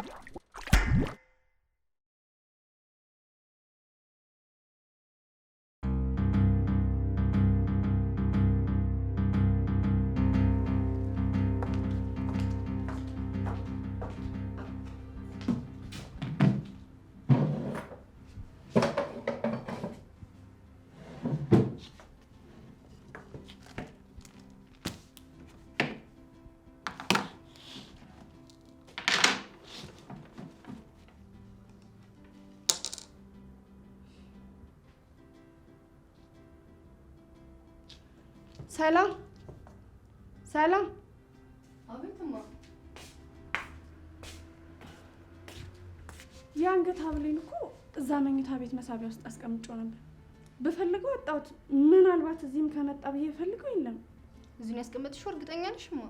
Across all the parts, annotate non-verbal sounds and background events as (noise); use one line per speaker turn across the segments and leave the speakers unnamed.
Yeah. ሰላም ሰላም። አቤትማ። የአንገት ሀብሌን እኮ እዛ መኝታ ቤት መሳቢያ ውስጥ አስቀምጮ ነበር። ብፈልገው ወጣሁት። ምናልባት እዚህም ከመጣ ብዬ ፈልገው የለም።
እዚሁን ያስቀመጥሽው እርግጠኛ ነሽማ?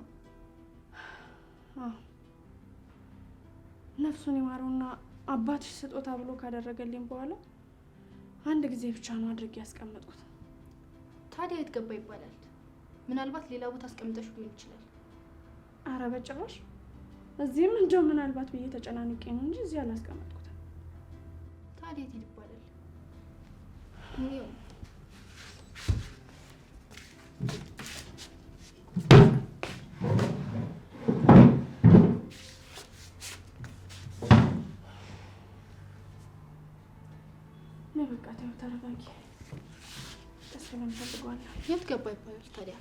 ነፍሱን ይማረውና አባትሽ ስጦታ ብሎ ካደረገልኝ በኋላ አንድ ጊዜ ብቻ ነው አድርጌ ያስቀመጥኩት።
ታዲያ የት ገባ ይባላል? ምናልባት ሌላ ቦታ አስቀምጠሽ ሊሆን ይችላል።
አረ በጭራሽ እዚህም እንደው ምናልባት ብዬ ተጨናንቄ ነው እንጂ እዚህ አላስቀመጥኩትም።
ታዲያ የት ይባላል?
በቃ ተረጋጊ፣ ተስፋ የምፈልገዋለሁ።
የት ገባ ይባላል ታዲያ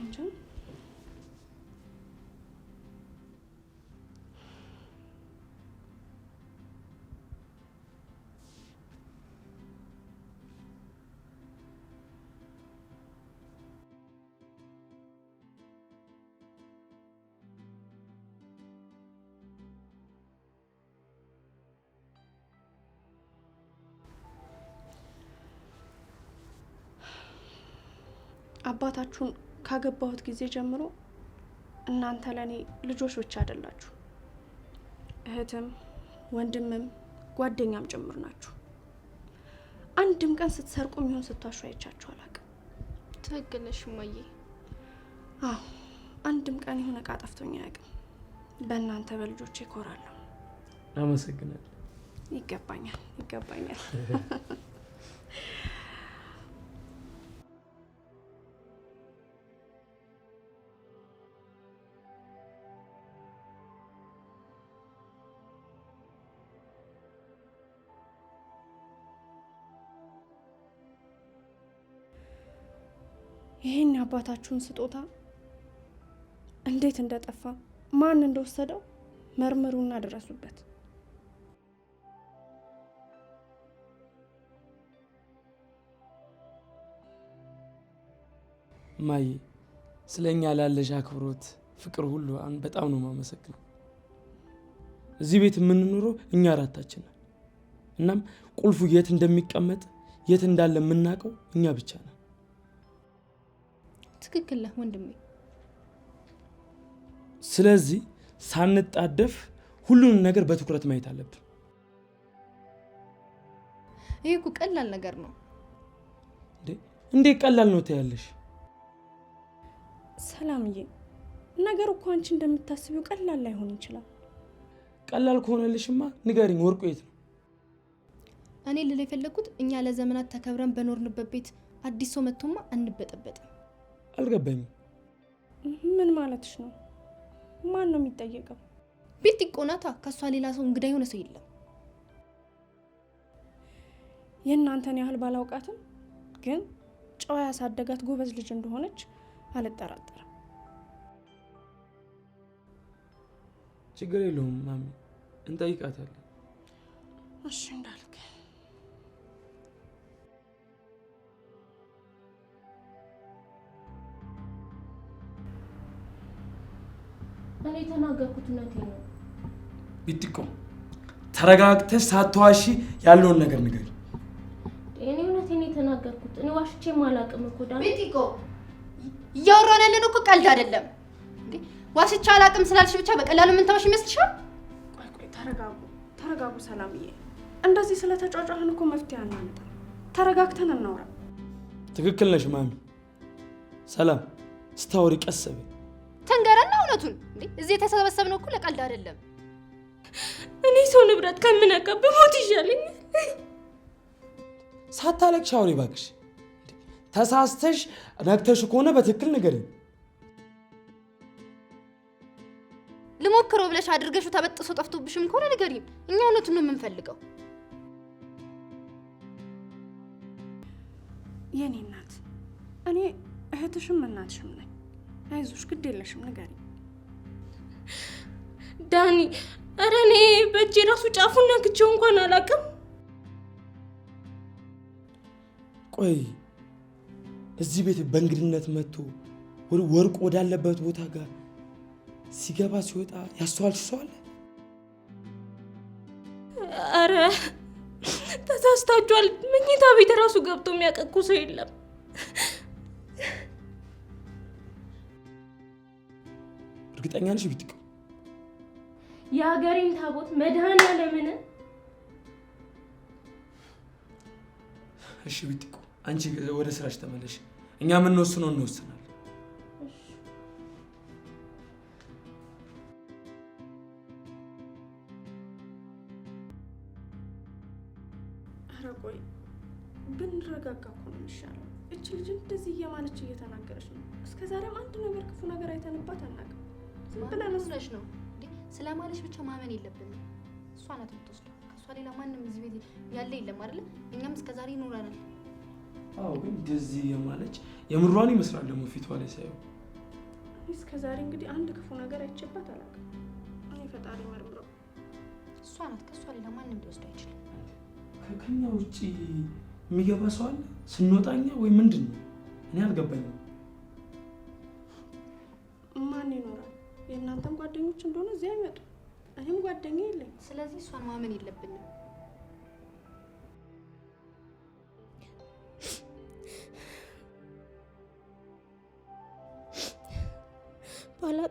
ናቸው። አባታችሁን ካገባሁት ጊዜ ጀምሮ እናንተ ለእኔ ልጆች ብቻ አይደላችሁ፣ እህትም ወንድምም ጓደኛም ጭምር ናችሁ። አንድም ቀን ስትሰርቁ የሚሆን ስታሹ አይቻችሁ አላውቅም።
ትክክል ነሽ እማዬ።
አዎ አንድም ቀን የሆነ እቃ ጠፍቶኝ አያውቅም። በእናንተ በልጆች ይኮራለሁ።
አመሰግናለሁ።
ይገባኛል፣ ይገባኛል። (laughs) ይሄን የአባታችሁን ስጦታ እንዴት እንደጠፋ ማን እንደወሰደው መርምሩና ድረሱበት?
ማዬ ስለኛ ላለሽ አክብሮት፣ ፍቅር ሁሉ በጣም ነው የማመሰግነው። እዚህ ቤት የምንኖረው እኛ አራታችን እናም ቁልፉ የት እንደሚቀመጥ የት እንዳለ የምናውቀው እኛ ብቻ ነን።
ትክክል ነህ ወንድሜ።
ስለዚህ ሳንጣደፍ ሁሉንም ነገር በትኩረት ማየት አለብን።
ይህ እኮ ቀላል ነገር ነው።
እንዴት ቀላል ነው ትያለሽ?
ሰላምዬ፣ ነገሩ እኮ አንቺ እንደምታስቢው ቀላል ላይሆን ይችላል።
ቀላል ከሆነልሽማ ንገሪኝ፣ ወርቁ የት ነው?
እኔ ልል የፈለግኩት እኛ ለዘመናት ተከብረን በኖርንበት ቤት አዲስ ሰው መጥቶማ አንበጠበጥም።
አልገባኝም።
ምን ማለትሽ ነው? ማን ነው የሚጠየቀው?
ቤት ይቆናታ። ከእሷ ሌላ ሰው እንግዳ የሆነ ሰው የለም።
የእናንተን ያህል ባላውቃትም ግን ጨዋ ያሳደጋት ጎበዝ ልጅ እንደሆነች አልጠራጠርም።
ችግር የለውም ማሚ፣ እንጠይቃታለን።
እሺ እንዳልከ
እኔ የተናገርኩት እውነቴን ነው።
ቢጥቆ ተረጋግተሽ ሳትዋሺ ያለውን ነገር ንገሪ።
እኔ እውነቴን የተናገርኩት እኔ ዋሽቼ አላውቅም እኮ ዳን ቢጥቆ፣ እያወራን ያለን እኮ ቀልድ አይደለም። ዋሽቼ አላውቅም ስላልሽ ብቻ በቀላሉ ምን ታወሽ ይመስልሻል?
ቆይ ቆይ፣ ተረጋጉ ተረጋጉ። ሰላምዬ፣ እንደዚህ ስለተጫጫህን እኮ መፍትሄ አናመጣም። ተረጋግተን እናውራ።
ትክክል ነሽ ማሚ። ሰላም ስታወሪ ቀስ በይ
ተንገረና እውነቱን እዚህ የተሰበሰብነው እኮ ለቀልድ አይደለም።
እኔ ሰው ንብረት ከምነካ ብሞት ይሻለኝ።
ሳታለቅሽ አውሪ እባክሽ። ተሳስተሽ ነክተሽ ከሆነ በትክክል ንገሪኝ።
ልሞክረው ብለሽ አድርገሹ ተበጥሶ ጠፍቶብሽም ከሆነ ንገሪኝ። እኛ እውነቱን ነው የምንፈልገው።
የኔ እናት እኔ እህትሽም እናትሽም ነኝ። አይዞሽ፣ ግድ የለሽም ንገሪ ዳኒ። እረ እኔ በእጄ ራሱ ጫፉን ነክቼው እንኳን አላውቅም።
ቆይ እዚህ ቤት በእንግድነት መጥቶ ወርቅ ወዳለበት ቦታ ጋር ሲገባ ሲወጣ ያስተዋልሽ ሰው አለ?
አረ ተሳስታችኋል። መኝታ ቤት ራሱ ገብቶ የሚያቀቁ ሰው የለም።
እርግጠኛ ነሽ ቢጥቅ
የሀገሬን ታቦት መድኃኔዓለምን
እሺ ቢጥቁ አንቺ ወደ ስራሽ ተመለሽ እኛ የምንወስነው እንወስናል አዎ፣ ግን እንደዚህ የማለች የምሯን ይመስላል ደግሞ ፊቷ ላይ ሳይሆን
እስከ ዛሬ እንግዲህ አንድ ክፉ ነገር አይቼባት አላውቅም። እኔ ፈጣሪ መርምረው።
እሷ ናት። ከእሷ ሌላ ማንም ሊወስድ አይችልም።
ከኛ ውጭ የሚገባ ሰው አለ? ስንወጣኛ ወይ ምንድን ነው? እኔ አልገባኝም።
ማን ይኖራል? የእናንተም ጓደኞች እንደሆነ እዚያ አይመጡ። እኔም ጓደኛ የለኝ።
ስለዚህ እሷን ማመን የለብንም።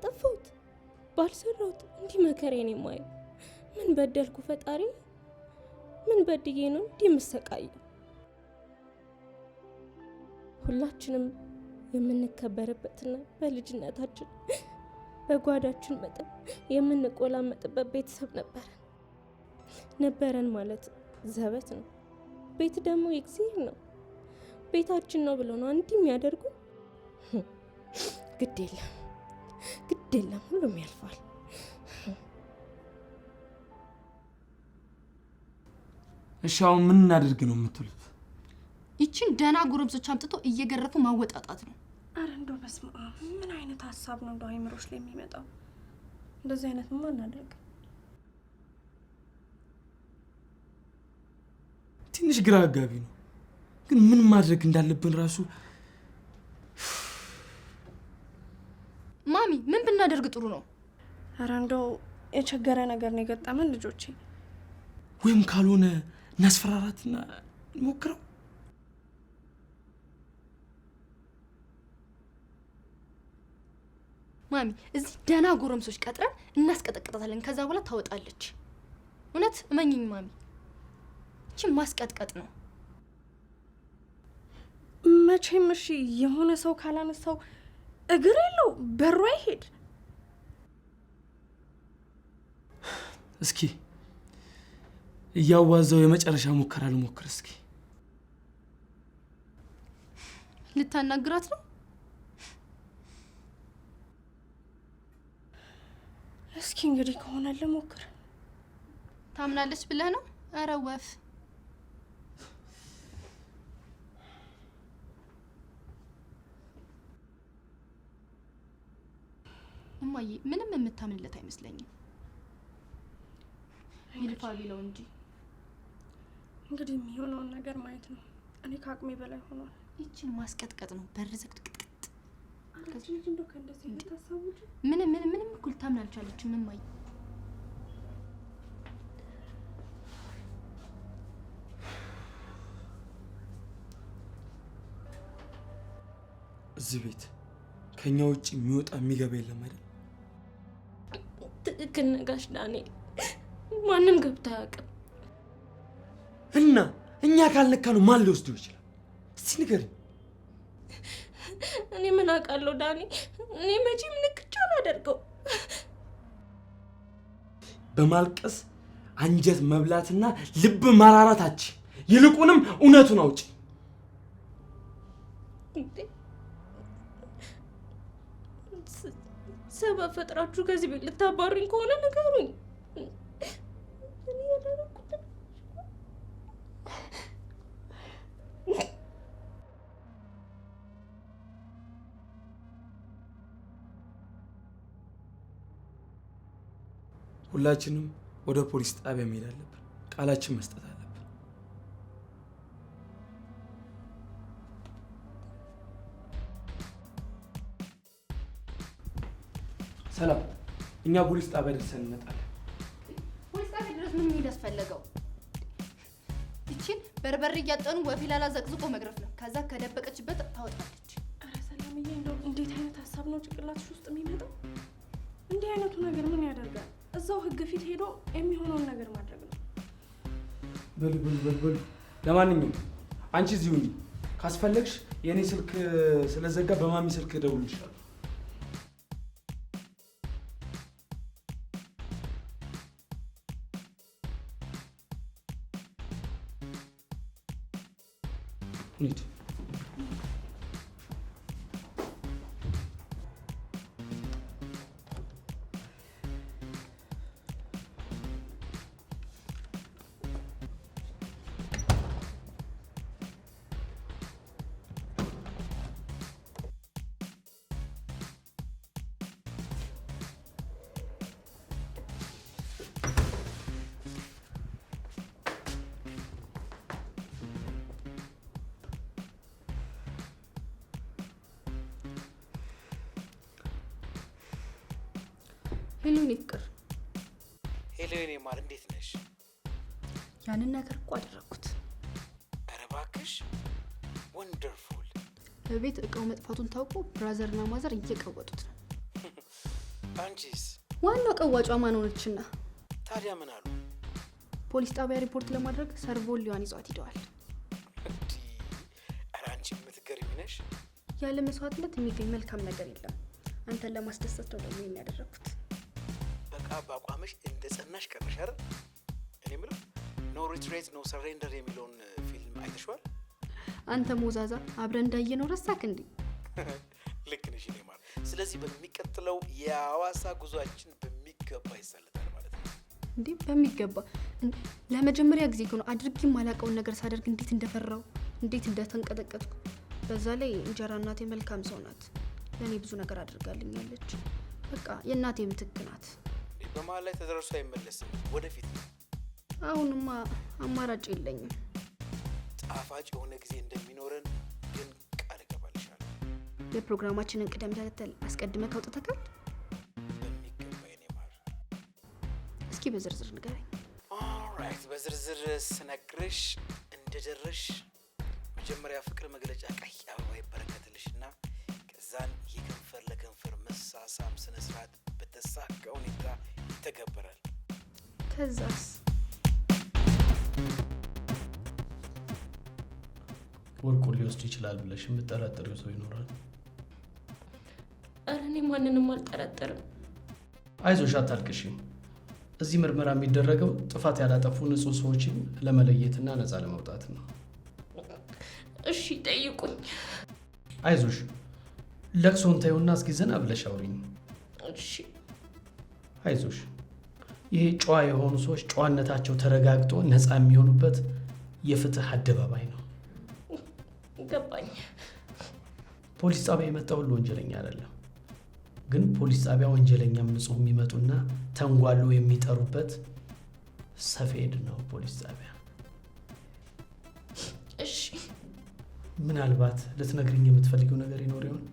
ባጠፋሁት ባልሰራሁት እንዲህ መከሬን የማየው ምን በደልኩ ፈጣሪ? ምን በድዬ ነው እንዲህ የምሰቃየው? ሁላችንም የምንከበርበትና በልጅነታችን በጓዳችን መጠን የምንቆላመጥበት ቤተሰብ ነበረን ነበረን ማለት ዘበት ነው። ቤት ደግሞ የእግዚአብሔር ነው፣ ቤታችን ነው ብሎ ነው እንዲህ የሚያደርጉ ግድ የለም። ግድ የለም፣ ሁሉም ያልፋል።
እሺ አሁን ምን እናደርግ ነው የምትሉት?
ይቺን ደህና ጎረምሶች አምጥቶ እየገረፉ ማወጣጣት ነው።
አረ እንደው በስመ አብ ምን አይነት ሀሳብ ነው እንደው አይምሮች ላይ የሚመጣው? እንደዚህ አይነት ማ እናደርግ።
ትንሽ ግራ አጋቢ ነው፣ ግን ምን ማድረግ እንዳለብን ራሱ
ጥሩ ነው።
ኧረ እንደው የቸገረ ነገር ነው የገጠመን ልጆቼ።
ወይም ካልሆነ እናስፈራራትና ሞክረው
ማሚ እዚህ ደህና ጎረምሶች ቀጥረን እናስቀጠቅጣታለን። ከዛ በኋላ ታወጣለች። እውነት እመኝኝ ማሚ፣ ይህቺ ማስቀጥቀጥ ነው።
መቼም እሺ የሆነ ሰው ካላነሳው እግር የለው በሩ አይሄድ
እስኪ እያዋዛው የመጨረሻ ሙከራ ልሞክር። እስኪ
ልታናግራት ነው?
እስኪ እንግዲህ ከሆነ ልሞክር።
ታምናለች ብለህ ነው? ኧረ ወፍ እማዬ፣ ምንም የምታምንለት አይመስለኝም። ይልፋ ቢለው እንጂ
እንግዲህ የሚሆነውን ነገር ማየት ነው። እኔ ከአቅሜ በላይ ሆኗል።
ይችን ማስቀጥቀጥ ነው በር ዝቅጥቅጥቅጥ ምንም ምንም ምንም እኩል ታምን አልቻለች። ምን ማይ
እዚህ ቤት ከእኛ ውጭ የሚወጣ የሚገባ የለም አይደል?
ትክክል ነጋሽ ዳንኤል ማንም ገብቶ አያውቅም።
እና እኛ ካልነካ ነው ማን ሊወስደው ይችላል? እስቲ ንገሪኝ።
እኔ ምን አውቃለሁ ዳኒ፣ እኔ መቼም ንክቻ አላደርገው።
በማልቀስ አንጀት መብላትና ልብ ማራራታች፣ ይልቁንም እውነቱን አውጪ።
ሰበብ ፈጥራችሁ ከዚህ ቤት ልታባሩኝ ከሆነ ንገሩኝ። እያደረኩት
ሁላችንም ወደ ፖሊስ ጣቢያ መሄድ አለብን። ቃላችን መስጠት አለብን። ሰላም፣ እኛ ፖሊስ ጣቢያ ደርሰን እንመጣለን።
መቅረት ምን ሚል ያስፈለገው? ይችን በርበሬ እያጠኑ ወፊላላ ዘቅዝቆ መግረፍ ነው። ከዛ ከደበቀችበት ታወጣለች።
ኧረ ሰላምዬ፣ እንደው እንዴት አይነት ሀሳብ ነው ጭንቅላትሽ ውስጥ የሚመጣው? እንዲህ አይነቱ ነገር ምን ያደርጋል? እዛው ህግ ፊት ሄዶ የሚሆነውን ነገር ማድረግ ነው።
በል በል በል በል። ለማንኛውም አንቺ እዚሁ እንዲ ካስፈለግሽ የእኔ ስልክ ስለዘጋ በማሚ ስልክ እደውልልሻለሁ።
ሄሎኔ ፍቅር፣
ሄሎኔ ማር፣ እንዴት ነሽ?
ያንን ነገር እኮ አደረግኩት።
ኧረ እባክሽ ወንደርፉል።
በቤት እቃው መጥፋቱን ታውቆ ብራዘርና ማዘር እየቀወጡት ነው። አንቺስ? ዋናው ቀዋጯ ማን ሆነችና። ታዲያ ምን አሉ? ፖሊስ ጣቢያ ሪፖርት ለማድረግ ሰርቮን ሊዋን ይዟት ሂደዋል።
ኧረ አንቺ የምትገርሚ ነሽ።
ያለ መስዋዕትነት የሚገኝ መልካም ነገር የለም። አንተን ለማስደሰት ነው ደግሞ የሚያደረግኩት
ጸንተሽ እንደ ጸናሽ እኔ ምለው ኖ ሪትሬት ኖ ሰሬንደር የሚለውን ፊልም አይተሽዋል?
አንተ ሞዛዛ አብረ ነው ረሳክ እንዴ?
(laughs) ልክ ነሽ ኔማር። ስለዚህ በሚቀጥለው የሐዋሳ ጉዟችን በሚገባ ይሳለታል ማለት ነው።
እንዲህ በሚገባ ለመጀመሪያ ጊዜ ነው አድርጌ የማላውቀውን ነገር ሳደርግ እንዴት እንደፈራው እንዴት እንደተንቀጠቀጥኩ። በዛ ላይ እንጀራ እናቴ መልካም ሰው ናት። ለእኔ ብዙ ነገር አድርጋልኛለች። በቃ የእናቴ ምትክ ናት።
በመሀል ላይ ተደርሶ አይመለስም። ወደፊት
አሁንማ አማራጭ የለኝም።
ጣፋጭ የሆነ ጊዜ እንደሚኖረን ግን ቃል እገባልሻለሁ።
የፕሮግራማችንን ቅደም ተከተል አስቀድመህ ካውጥተካል
በሚገባ የኔ ማር።
እስኪ በዝርዝር ንገረኝ።
ኦራይት፣ በዝርዝር ስነግርሽ እንደደረሽ መጀመሪያ ፍቅር መግለጫ ቀይ አበባ ይበረከትልሽ እና ከዛን የከንፈር ለከንፈር መሳሳም ስነስርዓት በተሳካ ሁኔታ ይተገበራል።
ከዛስ
ወርቁን ሊወስድ ይችላል ብለሽ የምጠራጠሪው ሰው ይኖራል?
እረ እኔ ማንንም አልጠረጠርም።
አይዞሽ፣ አታልቅሽም። እዚህ ምርመራ የሚደረገው ጥፋት ያላጠፉ ንጹህ ሰዎችን ለመለየትና ነፃ ለመውጣት ነው።
እሺ፣ ጠይቁኝ።
አይዞሽ፣ ለቅሶን ተይውና እስኪ ዘና ብለሽ አውሪኝ። እሺ አይዞሽ። ይሄ ጨዋ የሆኑ ሰዎች ጨዋነታቸው ተረጋግጦ ነፃ የሚሆኑበት የፍትህ አደባባይ ነው። ገባኝ። ፖሊስ ጣቢያ የመጣ ሁሉ ወንጀለኛ አይደለም። ግን ፖሊስ ጣቢያ ወንጀለኛ ንጹሕ የሚመጡና ተንጓሎ የሚጠሩበት ሰፌድ ነው ፖሊስ ጣቢያ። እሺ፣ ምናልባት ልትነግርኝ የምትፈልገው ነገር ይኖር ይሆን?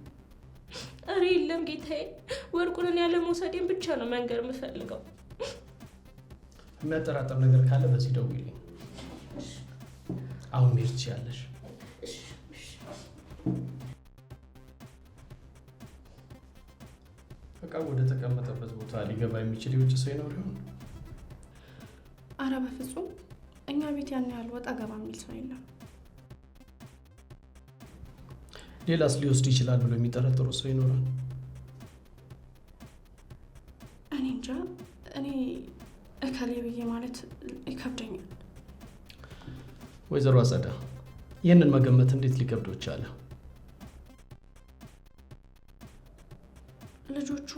ኧረ የለም ጌታዬ፣ ወርቁንን ያለ መውሰዴን ብቻ ነው መንገር የምፈልገው።
የሚያጠራጥር ነገር ካለ በዚህ ደውይልኝ። አሁን ሜርች ያለሽ በቃ ወደ ተቀመጠበት ቦታ ሊገባ የሚችል የውጭ ሰው ይኖር ይሆን?
አረ በፍጹም እኛ ቤት ያን ያህል ወጣ ገባ የሚል ሰው የለም።
ሌላስ ሊወስድ ይችላል ብሎ የሚጠረጥሩ ሰው ይኖራል።
እኔ እንጃ። እኔ እከሌ ብዬ ማለት ይከብደኛል።
ወይዘሮ አጸዳ ይህንን መገመት እንዴት ሊከብዶ ቻለ?
ልጆቹ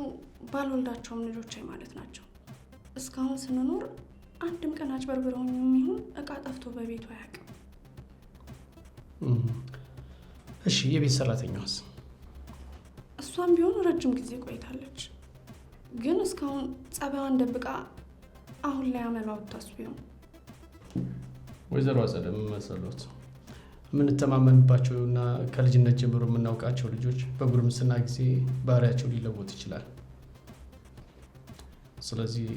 ባልወልዳቸውም ልጆቼ ማለት ናቸው። እስካሁን ስንኖር አንድም ቀን አጭበርብረው የሚሆን እቃ ጠፍቶ በቤቱ አያውቅም።
እሺ የቤት ሰራተኛዋስ?
እሷም ቢሆን ረጅም ጊዜ ቆይታለች፣ ግን እስካሁን ጸባይዋን ደብቃ አሁን ላይ አመሏ ብታስ ቢሆን
ወይዘሮ አጸደም መሰሎት የምንተማመንባቸውና ከልጅነት ጀምሮ የምናውቃቸው ልጆች በጉርምስና ጊዜ ባህሪያቸው ሊለወጥ ይችላል። ስለዚህ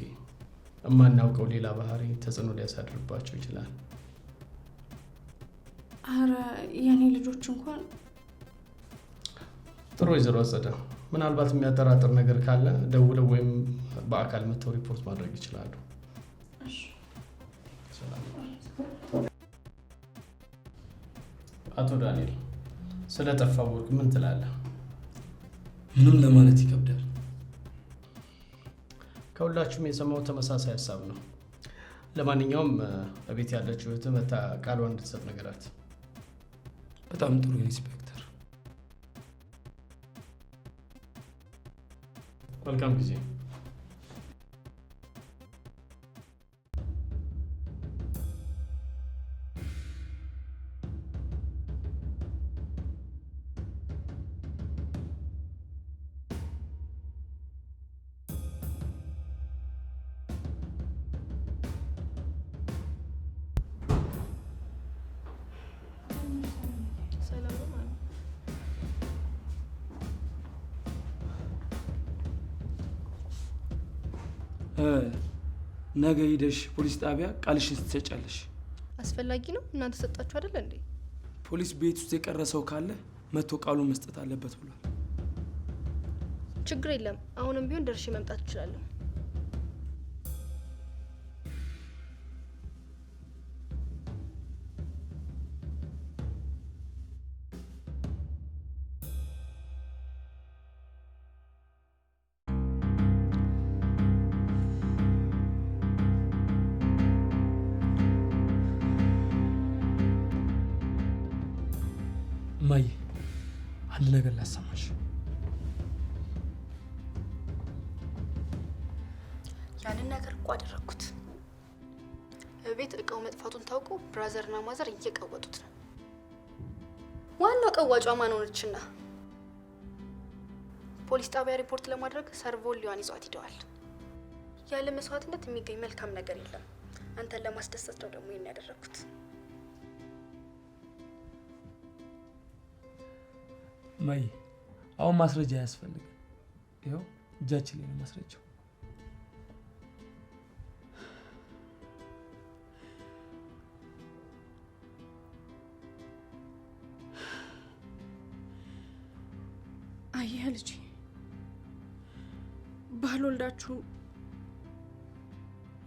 የማናውቀው ሌላ ባህሪ ተጽዕኖ ሊያሳድርባቸው ይችላል።
አረ የኔ ልጆች እንኳን
ጥሩ ወይዘሮ አጸደ፣ ምናልባት የሚያጠራጥር ነገር ካለ ደውለው ወይም በአካል መጥተው ሪፖርት ማድረግ ይችላሉ። አቶ ዳንኤል ስለ ጠፋ ወርቅ ምን ትላለህ? ምንም ለማለት ይከብዳል። ከሁላችሁም የሰማው ተመሳሳይ ሀሳብ ነው። ለማንኛውም እቤት ያለችው እህት መታ ቃሏን እንድትሰጥ ነገራት። በጣም ጥሩ ኢንስፔክተር። መልካም ጊዜ ነገ ሂደሽ ፖሊስ ጣቢያ ቃልሽን ስትሰጫለሽ።
አስፈላጊ ነው እናንተ ሰጣችሁ አይደለ እንዴ?
ፖሊስ ቤት ውስጥ የቀረ ሰው ካለ መጥቶ ቃሉን መስጠት አለበት ብሏል።
ችግር የለም አሁንም ቢሆን ደርሼ መምጣት እችላለሁ።
እማዬ አንድ ነገር ላሰማሽ።
ያንን ነገር እኮ አደረግኩት። በቤት እቃው መጥፋቱን ታውቀው ብራዘርና ማዘር እየቀወጡት ነው። ዋናው ቀዋጯ ማን ሆነችና ፖሊስ ጣቢያ ሪፖርት ለማድረግ ሰርቮሊዋን ይዟት ሂደዋል። ያለ መስዋዕትነት የሚገኝ መልካም ነገር የለም። አንተን ለማስደሰት ነው ደግሞ ይህን ያደረግኩት።
መይ አሁን ማስረጃ አያስፈልግም። ይኸው እጃችን ላይ ነው ማስረጃው።
አየህ ልጅ ባል ወልዳችሁ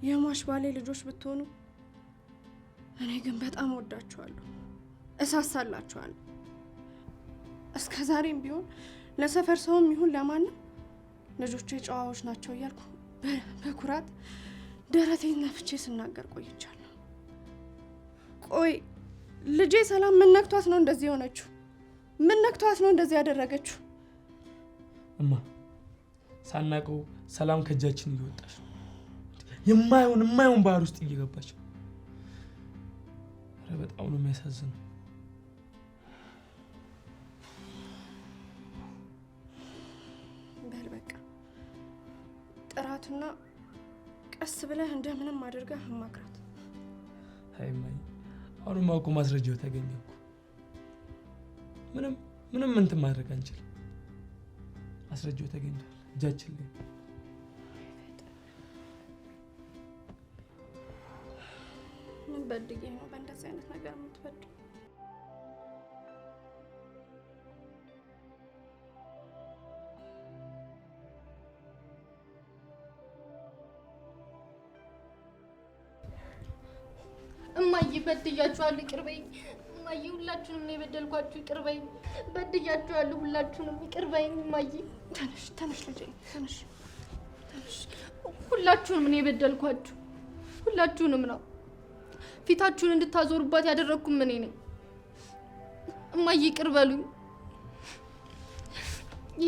የሟች ባሌ ልጆች ብትሆኑ፣ እኔ ግን በጣም ወዳችኋለሁ፣ እሳሳላችኋለሁ። ከዛሬም ቢሆን ለሰፈር ሰውም ይሁን ለማንም ልጆቼ ጨዋዎች ናቸው እያልኩ በኩራት ደረቴን ነፍቼ ስናገር ቆይቻለሁ። ቆይ ልጄ ሰላም ምን ነክቷት ነው እንደዚህ የሆነችው? ምን ነክቷት ነው እንደዚህ ያደረገችው?
እማ ሳናቀው ሰላም ከእጃችን እየወጣች ነው። የማይሆን የማይሆን ባህር ውስጥ እየገባች በጣም ነው የሚያሳዝነው።
ጥራትና ቀስ ብለህ እንደምንም አድርገህ ማክራት።
ሀይማይ አሁንማ እኮ ማስረጃው ተገኘ እኮ። ምንም ምንም እንትን ማድረግ አንችልም። ማስረጃው ተገኝቷል እጃችን ላይ።
ምን በድዬ ነው በእንደዚህ አይነት ነገር የምትበድው? በድያችኋለሁ፣ ይቅር በይኝ እማዬ። ሁላችሁንም ነው የበደልኳችሁ፣ ይቅር በይኝ። በድያችኋለሁ፣ ሁላችሁንም ይቅር በይኝ እማዬ።
ተነሽ ተነሽ ልጄ ተነሽ
ሁላችሁንም ነው የበደልኳችሁ፣ ሁላችሁንም ነው። ፊታችሁን እንድታዞሩባት ያደረግኩም እኔ ነኝ እማዬ። ይቅር በሉኝ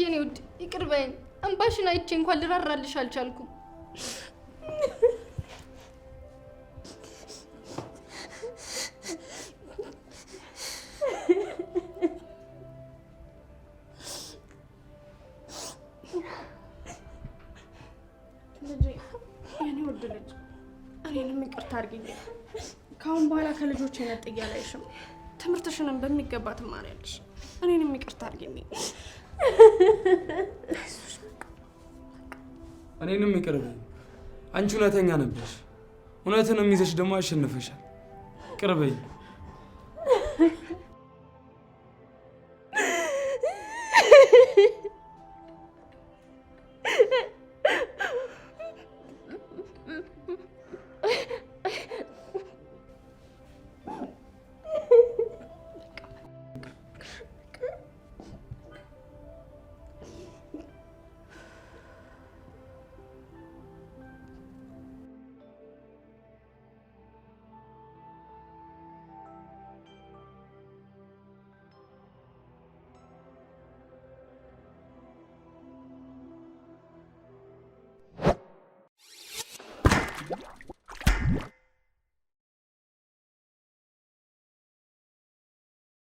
የኔ ውድ፣ ይቅር በይኝ። እንባሽን አይቼ እንኳን ልራራልሽ አልቻልኩም። እያላይሽም ትምህርትሽንም በሚገባ ትማሪያለሽ። እኔንም ይቅርታ አድርጊልኝ።
እኔንም ይቅር በይኝ። አንቺ እውነተኛ ነበርሽ። እውነትንም ይዘሽ ደግሞ አሸንፈሻል። ይቅር በይኝ።